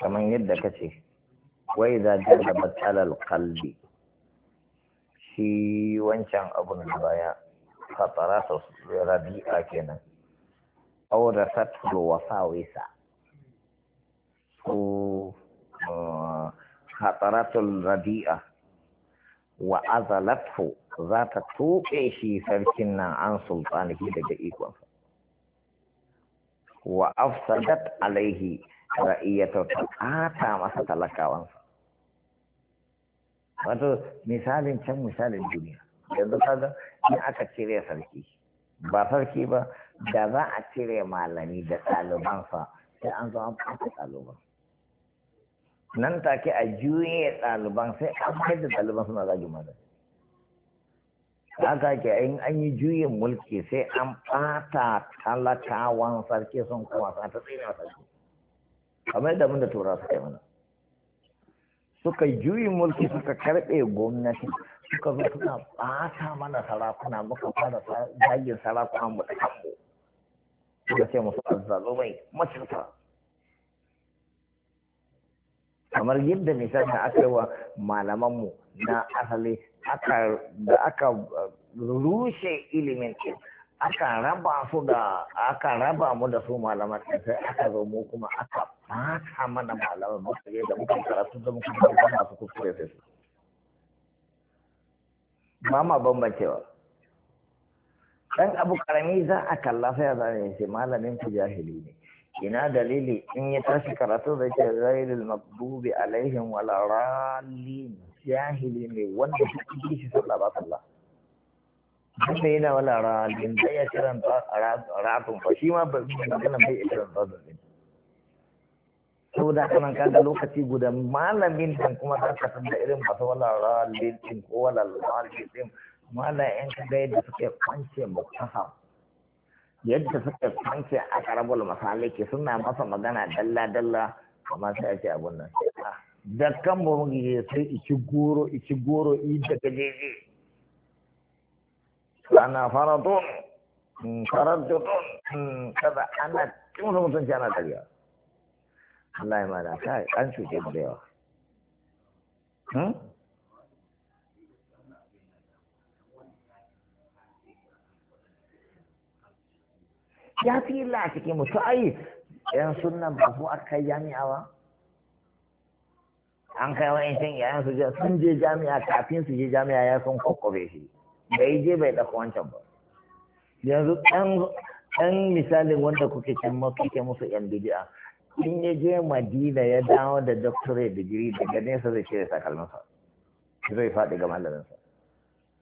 kamar yadda ka ce wai za da matsalar kalbi shi wancan abun da baya fatara ta rabi'a kenan au aure satul wasawisa su khataratul uh, rabi'a wa azalatu za ta tuɓe shi sarkin nan an sultanihi daga ikonsa wa afsadat alaihi ra'iyyata ta ata masa talakawansa wato misalin can misalin duniya yanzu kaga in aka cire sarki ba sarki ba da za a cire malami da ɗalibansa sai an zo an fata ɗaliban nan take a juye ɗaliban sai an mai da ɗaliban suna zagi malami haka ke in an yi juyin mulki sai an ɓata talakawan sarki sun kuma sa ta sarki kamar da mun da tura su kai mana suka juyi mulki suka karɓe gwamnati suka zo suna ɓata mana sarakuna muka fara dagin sarakuna mu da kanmu suka ce musu mai macuta kamar yadda misali da aka yi wa malamanmu na asali da aka uh, rushe ilimin ilimin aka raba su da aka raba mu da su malaman sai aka zo mu kuma aka fata mana malaman masu da muka karatu da muka karatu masu kuskure sai su ba ma bambancewa dan abu karami za a kalla sai za ne sai malamin ku jahili ne ina dalili in ya tashi karatu da ke zairil makdubi alaihim wala rallin jahili ne wanda duk shi sallah ba sallah wanda yana wala ralin da ya a ratun fa shi ma ba zai magana bai karanta da Sau saboda kanan kaga lokaci guda malamin dan kuma za ka san da irin masu wala ralin din ko wala ralin din malam yan kaga yadda suke kwance muktaham yadda suke kwance a karabul ke suna masa magana dalla dalla amma sai a ce abun nan da ah, kan mu sai ici goro ici goro i daga jeje ana faratun farantutun kada ana cikin mutunci ana dariya Allah ya mana kai an cuce da yawa ya fi illa a cikin mutu ai yan sunan ba su aka kai jami'a ba an kai wa'in yayan su sun je jami'a kafin su je jami'a ya sun kwakwabe shi bai je bai ɗauko wancan ba yanzu ɗan misalin wanda kuke can kuke musu yan bidi'a in ya je madina ya dawo da doctorate digiri daga nesa zai cire takalminsa zai faɗi ga malaminsa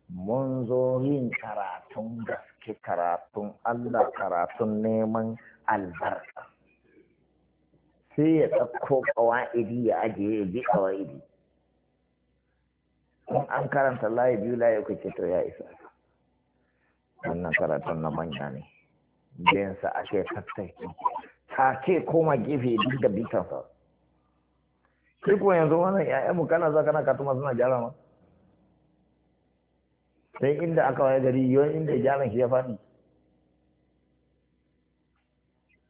mun zo yin karatun gaske karatun allah karatun neman albarka sai ya ɗauko ƙawa'idi ya ajiye ya bi ƙawa'idi in an karanta layi biyu layi uku ce to ya isa wannan karatun na manya ne Biyansa ake tattai take koma gefe duk da bitansa sai kuma yanzu wannan ya'yanmu kana za kana katuma suna gyara ma sai inda aka waye gari yawan inda gyaran shi ya faɗi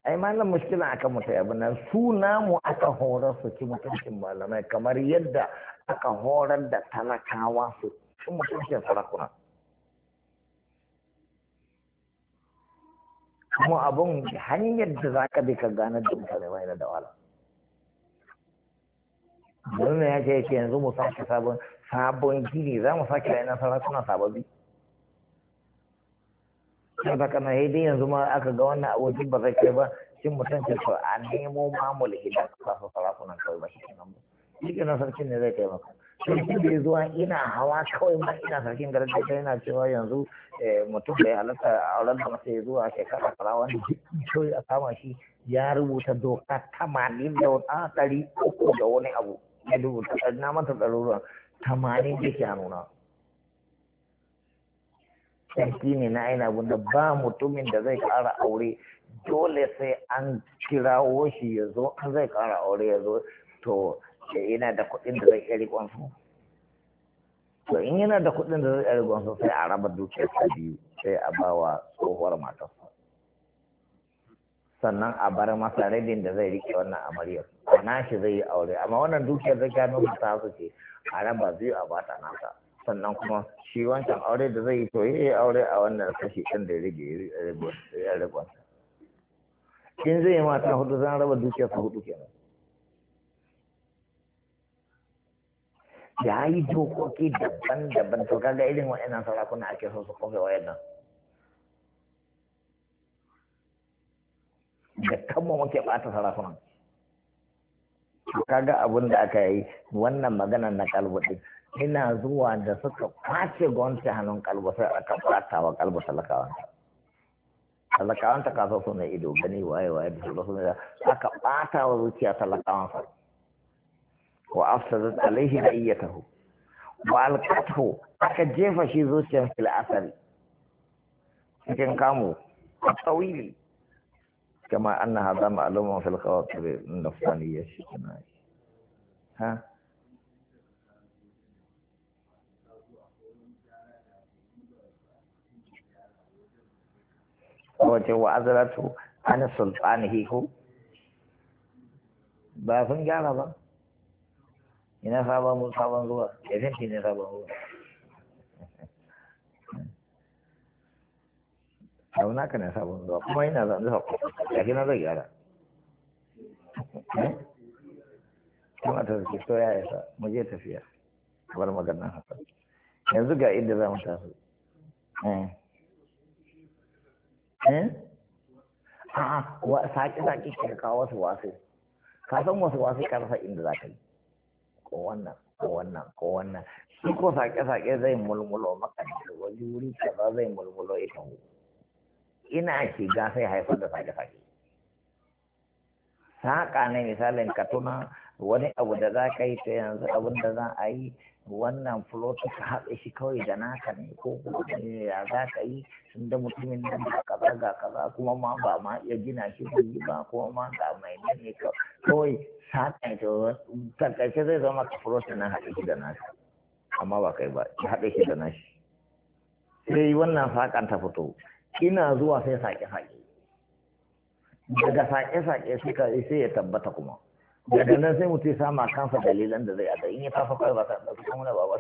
ai malam mushkila akan mutai abin nan su namu aka horar su ci mutuncin malamai kamar yadda aka horar da talakawa su ci mutuncin sarakuna kuma abun hanyar da za ka bi ka gane da mutane mai na dawala ne ya ce yanzu mu sake sabon gini za mu sake yana sarakuna sababi. kada kana dai yanzu ma aka ga wannan abokin ba zai kai ba cin mutum to a nemo mamul hidan kafa sarakunan kawai ba shi ke nan ba shi ke nan sarkin ne zai kai ba sarkin da ya zuwa ina hawa kawai ma ina sarkin garin da kai yana cewa yanzu eh, mutum bai halatta a auren da masa ya zuwa shekara kaza wani kawai a kama shi ya rubuta doka tamanin da wata ɗari uku da wani abu ya rubuta na mata ɗaruruwan tamanin da ke nuna. sarki ne na aina wanda ba mutumin da zai kara aure dole sai an kirawo shi ya zo an zai kara aure ya zo to yana da kuɗin da zai iya riƙon su to in yana da kuɗin da zai iya riƙon su sai a raba dukiyar ta biyu sai a ba wa tsohuwar matar sannan a bar masa rabin da zai riƙe wannan amaryar a nashi zai yi aure amma wannan dukiyar zai gano ta su ce a raba biyu a bata nasa sannan kuma shi wancan aure da zai yi to yi aure a wannan kashi ɗin da ya rage ya ragon in zai yi mata hudu zan raba dukiya su hudu kenan ya yi dokoki daban-daban to kaga irin wa'annan sarakuna ake so su kofe wayannan da kanmu muke ɓata sarakunan kaga abun da aka yi wannan magana na kalbu ina zuwa da suka kwace gwamnati hannun a ka fata wa kalbasa lakawanta talakawanta kaso su na ido gani waye waye da su ne aka bata wa zuciya talakawansa wa afsadat alaihi ra'iyatahu wa alqatahu aka jefa shi zuciyar fil asari cikin kamu a tsawili kama anna hadha ma'lumun fil qawatir nafsaniyya shi kana ha wace wa azratu an sultanihi ko ba sun gyara ba ina sabon sabon zuwa ya fenti ne sabon zuwa abu naka ne sabon zuwa kuma ina zanzu haku, ya gina zai gyara eh? kuma ta zuke to ya yasa mu je tafiya bar maganar haka yanzu ga inda za mu tafi eh. Eh? a'a wa saki saki ka kawo wasu wasu ka san wasu wasu ka rasa inda za ka yi ko wannan ko wannan ko wannan shi ko sake sake zai mulmulo maka da wani wuri kaza zai mulmulo ita ina shiga sai haifar da sake sake saƙa ne misalin ka tuna wani abu da za ka yi ta yanzu abin da za a yi wannan fulo ka haɗe shi kawai da naka ne ko ya za ka yi da mutumin nan da kaza ga kaza kuma ma ba ma iya gina shi da yi ba kuma ma ga mai ne ne kawai sakan ta takaice zai zama ka fulo na haɗe shi da naka amma ba kai ba ya haɗe shi da nashi sai wannan saƙan ta fito ina zuwa sai sake-sake daga sake-sake sai ya tabbata kuma daga nan sai mutum ya sama kansa dalilan da zai ada in ya tafa kawai ba ka ɗauki kuma ba ba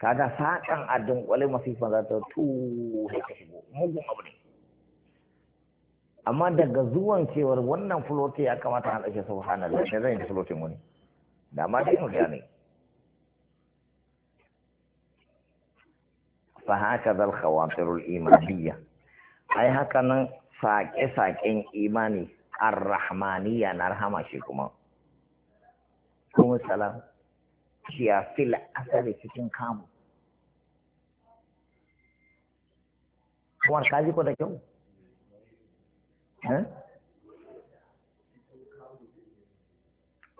kaga saƙan addin ƙwale masifa za ta tuhe ka shigo mugun abu ne amma daga zuwan cewar wannan fulotin ya kamata a ɗauke subhanallah sai zan yi fulotin wani da ma dai mu gane fa haka zal khawatirul imaniyya ai haka nan saƙe-saƙen imani ar-rahmaniya na rahama shi kuma kuma salam shi ya fil asali cikin kamu kuma ji ko da kyau eh,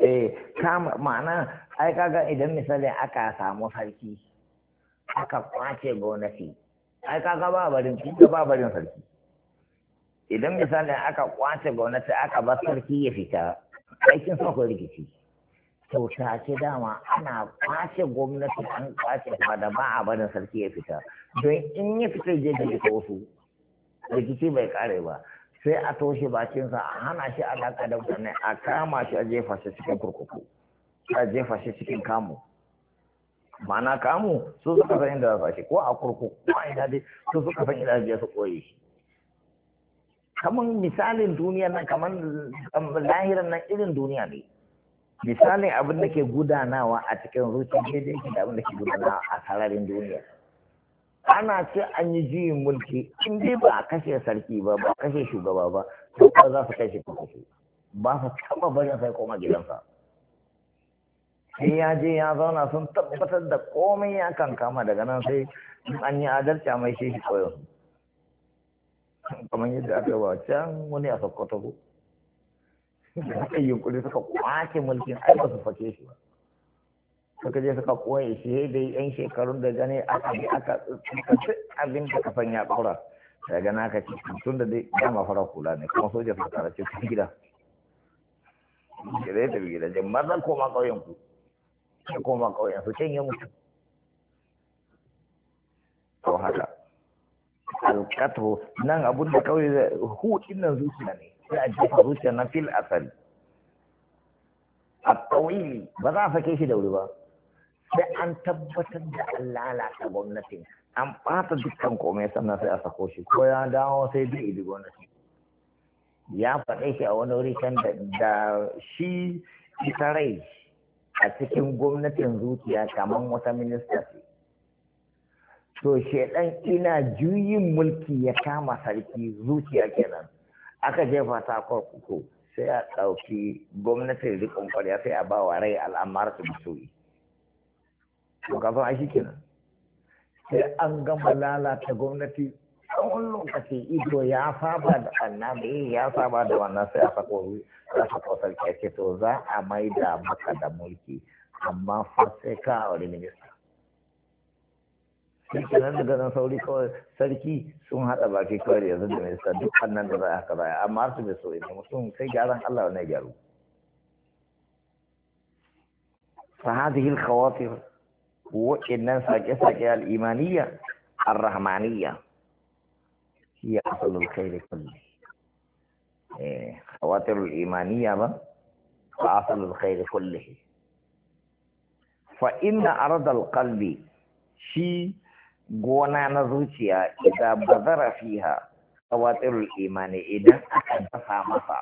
eh kama ma'ana ai kaga idan misali aka samu sarki aka kwace gonaki ai kaga ba barin ba barin sarki idan misali aka kwace gwamnati aka ba sarki ya fita aikin sa rikici to ta ce dama ana kwace gwamnati an kwace kuma da ba a barin sarki ya fita don in ya fita je da ta wasu rikici bai kare ba sai a toshe bakinsa a hana shi alaka da mutane a kama shi a jefa shi cikin kurkuku a jefa shi cikin kamu ma'ana kamu su suka san inda za su ko a kurkuku ko a ina dai su suka san inda za su koye shi kaman misalin duniya na kaman um, lahiran nan irin duniya ne misalin abin da ke gudanawa a cikin zuciya daidai ke da abin da ke gudanawa a sararin duniya ana ce an yi juyin mulki in dai ba a kashe sarki ba ba a kashe shugaba ba to ba za su kashe kashe ba su taba barin sai koma gidansa sai ya je ya zauna sun tabbatar da komai ya kankama daga nan sai an yi adalci a mai shi koyon kamar yadda aka yi wa can wani a sokoto ko da aka yi suka kwace mulkin ai ba su fake shi ba suka je suka koya shi dai yan shekarun da gane aka bi aka tsakanci abin da kafan ya ɗaura daga na ka ce tun da dai dama fara kula ne kuma soja su tara ce cikin gida gida ya tafi gida jin mazan koma ƙauyen ku koma ƙauyen su cin ya mutu alqathu nan abun da kawai hu din zuciya ne sai a jefa zuciya na fil asali A tawili ba za a sake shi da wuri ba sai an tabbatar da an lalata gwamnatin an ɓata dukkan komai sannan sai a sako shi ko ya dawo sai da idi gwamnati ya faɗe shi a wani wuri can da shi ita rai a cikin gwamnatin zuciya kamar wata minista ce to shaidan ina juyin mulki ya kama sarki zuciya kenan aka jefa ta kurkuku sai a ɗauki gwamnatin rikon kwarya sai a ba wa rai al'amara su bisoyi to kafin a shi kenan sai an gama lalata gwamnati tsawon lokaci ido ya saba da yi ya saba da wannan sai a sako a sako sarki ce to za a maida maka da mulki amma fa sai ka a wani minista sai nan da ganin sauri kawai sarki sun haɗa baki kawai yanzu da minista duk annan da za a haka baya amma su da so ina mutum sai gyaran Allah ne gyaru fa hadhihi al-khawatir wa innan saqi-saqi al-imaniyya ar-rahmaniyya hiya aslul khair kulli eh khawatir al-imaniyya ba fa aslul khair kullihi fa inna arad al-qalbi shi gona na zuciya idan bazara fiha tsawatirul imani idan aka dafa masa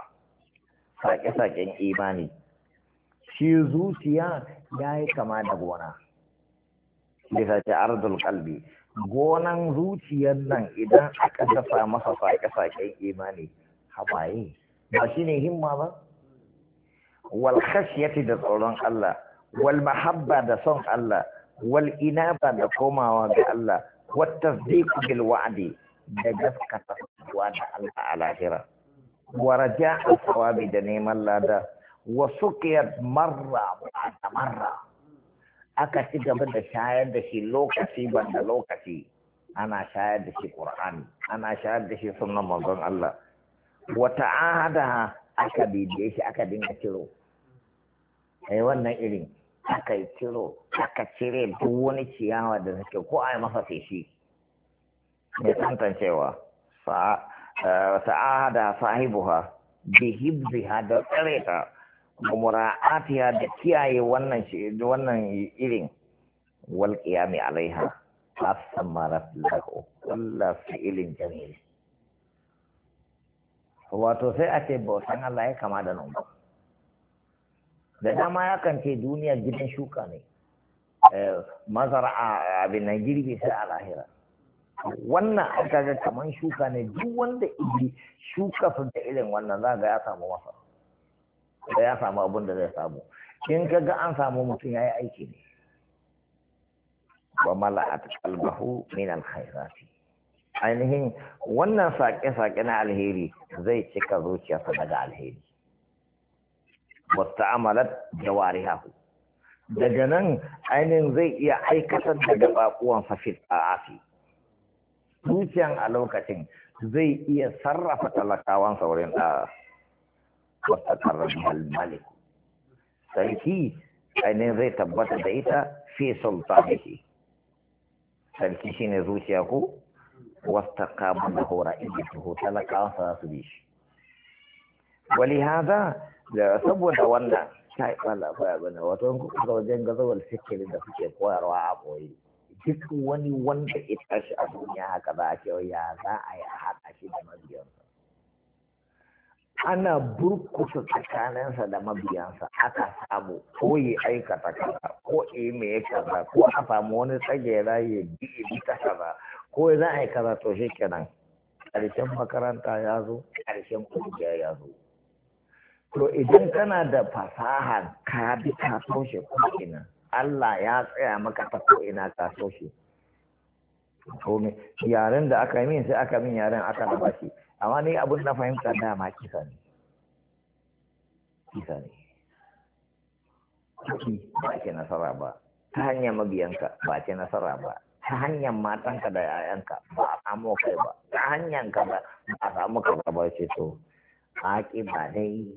sake-saken imani shi zuciya ya yi kama da gona bisa ce kalbi gonan zuciyar nan idan aka dafa masa sake-saken imani hawaye ba shi ne himma ba wal khashyati da tsoron Allah wal mahabba da son Allah Wal'ina ba da komawa ga Allah wata zai bil wa'adi da gaskata wa da Allah a lahira wa raja'a thawabi da neman lada wasu suqiyat marra ba'da marra aka ci gaba da shayar da shi lokaci banda lokaci ana shayar da shi Qur'ani ana shayar da shi sunan manzon Allah wata ahada aka bibiye shi aka dinga ciro ai wannan irin aka yi ciro aka cire duk wani ciyawa da suke ko a yi masa feshi mai tantancewa eh, sa'ada sahibuha bi ha da tsare ta mura'atiha da kiyaye wannan wannan irin wal qiyami alaiha asmarat lahu kullu fi'lin jamil wato sai ake bautan Allah ya kama da nan da dama ya ce duniya gidan shuka ne eh, mazara abin nan girbi sai a lahira wannan aka ga kaman shuka ne duk wanda iri shuka su da irin wannan za ga ya samu masa da ya samu abin da zai samu in ka ga an samu mutum ya yi aiki ne wa mala'at qalbahu min alkhairati ainihin wannan saƙe-saƙe na alheri zai cika zuciyarsa daga alheri da wari jawarihahu daga nan ainihin zai iya aikatar da gabakuwan fafil a afi zuciyan a lokacin zai iya sarrafa talakawan saurin a wata karar sarki ainihin zai tabbata da ita fi sultaniki sarki shine zuciya ko wasta kama da hora inda su talakawan za su bi shi wali hada da saboda wannan allah wala ya bane wato in wajen gazawar da suke koyarwa a boye duk wani wanda ya tashi a duniya haka za a ya za a yi a haɗa shi da mabiyansa ana burkusa tsakaninsa da mabiyansa aka samu ko yi aikata kaza ko yi me kaza ko a samu wani tsagera ya bi ta kaza ko za a yi kaza to shi kenan ƙarshen makaranta ya zo ƙarshen ƙungiya ya zo to idan kana da fasaha ka bi ka toshe ko'ina Allah ya tsaya maka ta ko'ina ka toshe to yaren da aka min sai aka min yaren aka raba shi amma ni abin na fahimta dama kisa ne kisa ne ciki ba ke nasara ba ta hanyar mabiyanka ba ke nasara ba ta hanyar matanka da yayanka ba a samu kai ba ta hanyar ka ba a samu ka ba ce to haƙi ba dai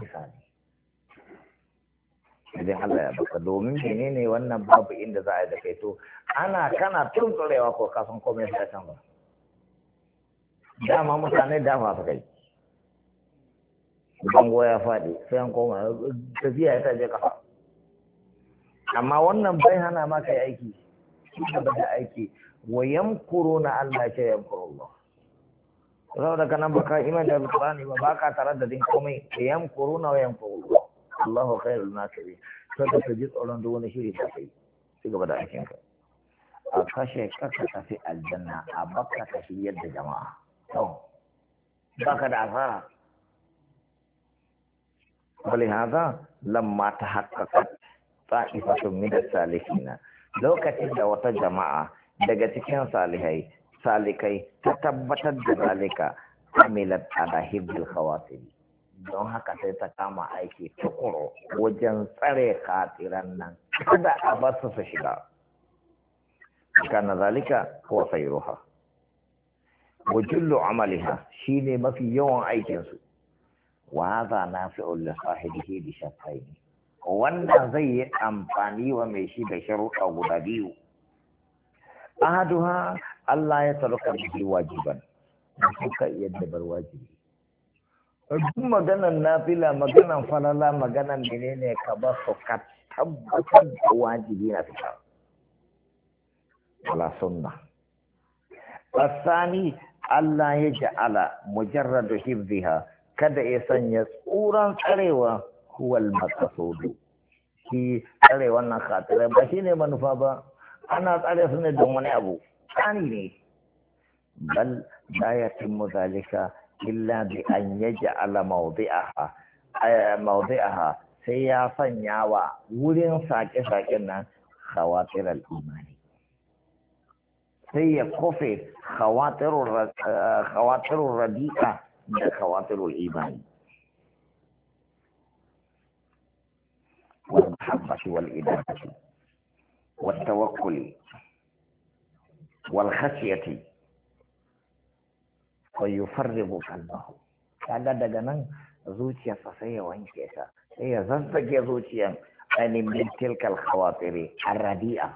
misali idan Allah ya baka domin mene ne wannan babu inda za a yi da kai to ana kana tunturewa ko kafin komai sai kan ba dama mutane dama su kai bango ya faɗi sai an koma tafiya ya taje kafa amma wannan bai hana maka aiki shi da aiki wa yamkuru na Allah ya yamkuru Allah saboda ka nan baka iman da alqur'ani ba baka tare da din komai yam kuruna wa yam kuruna Allahu khairul nasirin sai ka ji tsoron wani shiri da kai ci gaba da aikin ka a ta kaka tafi aljanna a baka ka shiryar da jama'a to baka da asara ولهذا لما تحققت طائفة Lokacin da wata jama'a daga cikin Salihai. salikai ta tabbatar da zalika amilat ala hibdil khawatiri don haka sai ta kama aiki tukuru wajen tsare katiran nan kada a basu su shiga kana zalika huwa khairuha wa jullu amaliha shine mafi yawan aikinsu wa hadha nafi'un li sahibihi bi shartaini wanda zai yi amfani wa mai shi da sharuɗa guda biyu ahaduha Allah ya taruka da wajiban suka yadda bar wajibi duk maganan nafila maganan falala maganan menene ka ba su ka tabbatar da wajibi na fita wala sunna asani Allah ya ja'ala mujarradu hibziha kada ya sanya tsoron tsarewa huwal maqsudu shi tsare wannan khatirai ba shine manufa ba ana tsare su ne don wani abu عني بل لا يتم ذلك إلا بأن يجعل موضعها موضعها سياسا يعوى ولن ساكي ساكنا خواطر الإيمان هي كفي خواطر خواطر الرديئة من خواطر الإيمان والمحبة والإدابة والتوكل walhashiyati ko yi farribu kallahu kaga daga nan zuciyarsa sai ya wanke ta sai ya zazzage zuciyan ainihin min tilkal khawatiri arradi'a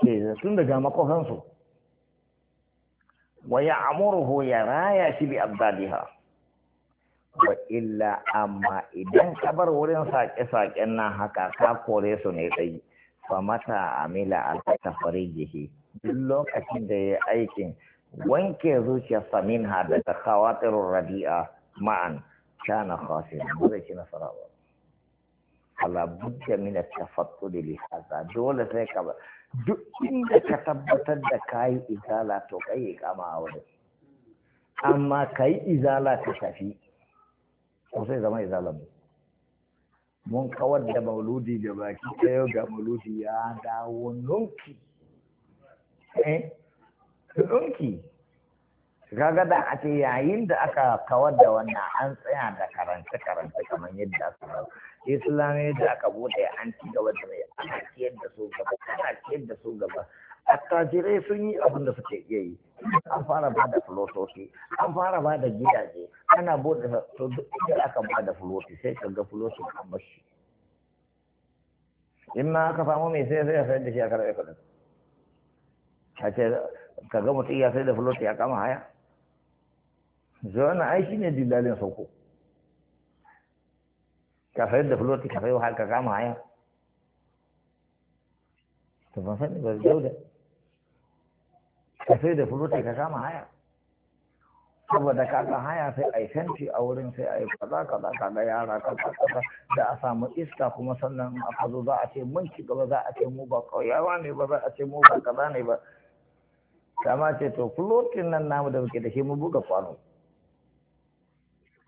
ke tun daga makwasansu wa ya ya raya shi bi abdadiha wa illa amma idan ka bar wurin saƙe-saƙen nan haka ka kore su ne tsayi fa mata amila al-tafarrijihi duk lokacin da ya aikin wanke zuciyarsa min ha daga khawatirun rabi'a ma'an kana khasir dole ki nasara ba ala budda min at-tafattul li hadha dole sai ka duk inda ka tabbatar da kai izala to kai kama a wurin amma kai izala ka tafi ko sai zama izala mu mun kawar da mauludi da baki ɗaya ga mauludi ya dawo nunki eh ɗunki gaga da a ce yayin da aka kawar da wannan an tsaya da karance karance kamar yadda aka kawo ne da aka bude an ci gaba da mai ana ciyar da su gaba ana ciyar da su gaba attajirai sun yi abin da suke iya yi an fara ba da filosofi an fara ba da gidaje ana bude su duk inda aka ba da filosofi sai ka ga filosofi an bashi in ma aka samu mai sai sai sai da shi a karɓe kuɗin a ce ka ga mutum ya sai da fulot ya kama haya zuwa ai shi ne dillalin sauko ka sayar da fulot ka sayo ka kama haya to ban sani ba dauda ka sayar da fulot ka kama haya saboda kaga haya sai a yi fenti a wurin sai a yi kaza kaza kaga yara kaza kaza da a samu iska kuma sannan a fazo za a ce mun ci gaba za a ce mu ba kauyawa ne ba za a ce mu ba kaza ne ba kama ce to kulotin nan namu da muke da shi mu buga kwano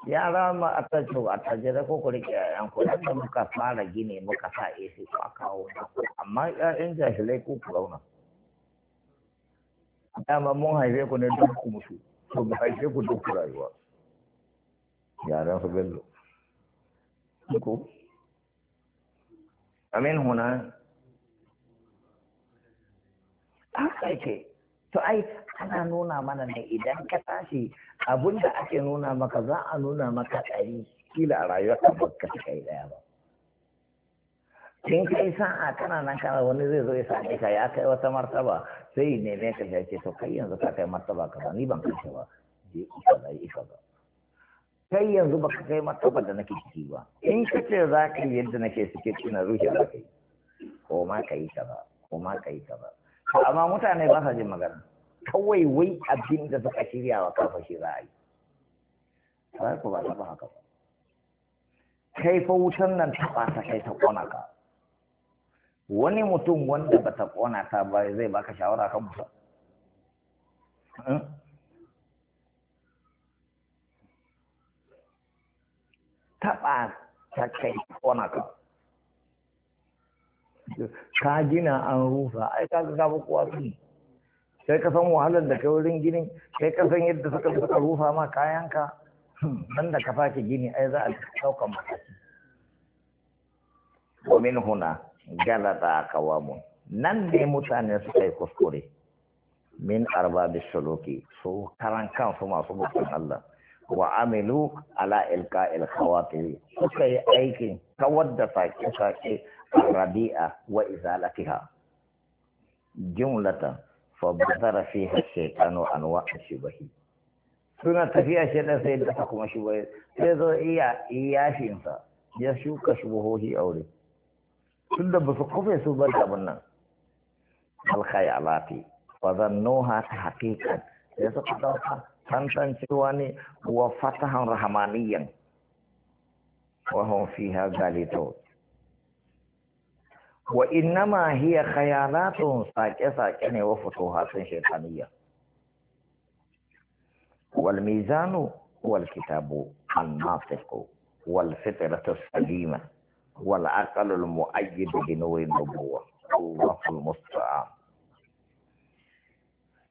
Ya rama a ta ce a ta jira ko kuri ke yayan da muka fara gini muka sa AC ko a kawo amma yayan jahilai ko ku Ya dama mun haife ku ne don ku musu, to ba haife ku duk ku rayuwa yaran su bello ko amin huna haka yake to ai ana nuna mana ne idan ka tashi abun da ake nuna maka za a nuna maka ɗari kila a rayuwarka ba ka yi kai ɗaya ba in kai sa'a kana nan kana wani zai zo ya same ka ya kai wata martaba sai ne ne ka ce to kai yanzu ka kai martaba ka ba ni ban kai ba je isa ba isa ba kai yanzu ba ka kai martaba da nake ciki ba in ka ce za ka yi yadda nake suke tuna ruhi za ka yi ko ma ka yi ka ba ko ma ka yi ka ba amma mutane ba sa jin magana kawai wai abin da suka shirya wa kafa shi za a yi ba ku ba ba haka kai fa wutan nan ta ɓata kai ta ƙona ka wani mutum wanda ba ta ƙona ta ba zai baka shawara kan musa hmm? taɓa ta kai ƙona ka ka gina an rufa ai ka ga kowa su sai ka san wahalar da kai wurin ginin sai ka san yadda suka suka rufa ma kayanka hmm, Nan da ka fake gini ai za a sauka mataki domin huna galata kawamun nan ne mutane suka yi kuskure min arba shaloki, su karan kansu masu bukun Allah wa amilu ala ilka il suka yi aikin kawar da sake-sake الرديئة وإزالتها جملة فبذر فيها الشيطان أنواع الشبه suna tafiya shi da sai da kuma shi bai sai zo iya iyashinsa ya shuka shubuhohi aure tun da ba su kufe su bar abin nan alkhayalati fa zannuha ta haqiqan ya suka dauka tantancewa ne wa fatahan rahmaniyan wa hum fiha galitun وإنما هي خيالات ساكة ساكة وفتوحات شيطانية والميزان والكتاب الناطق والفطرة السليمة والعقل المؤيد بنور النبوة الله المستعان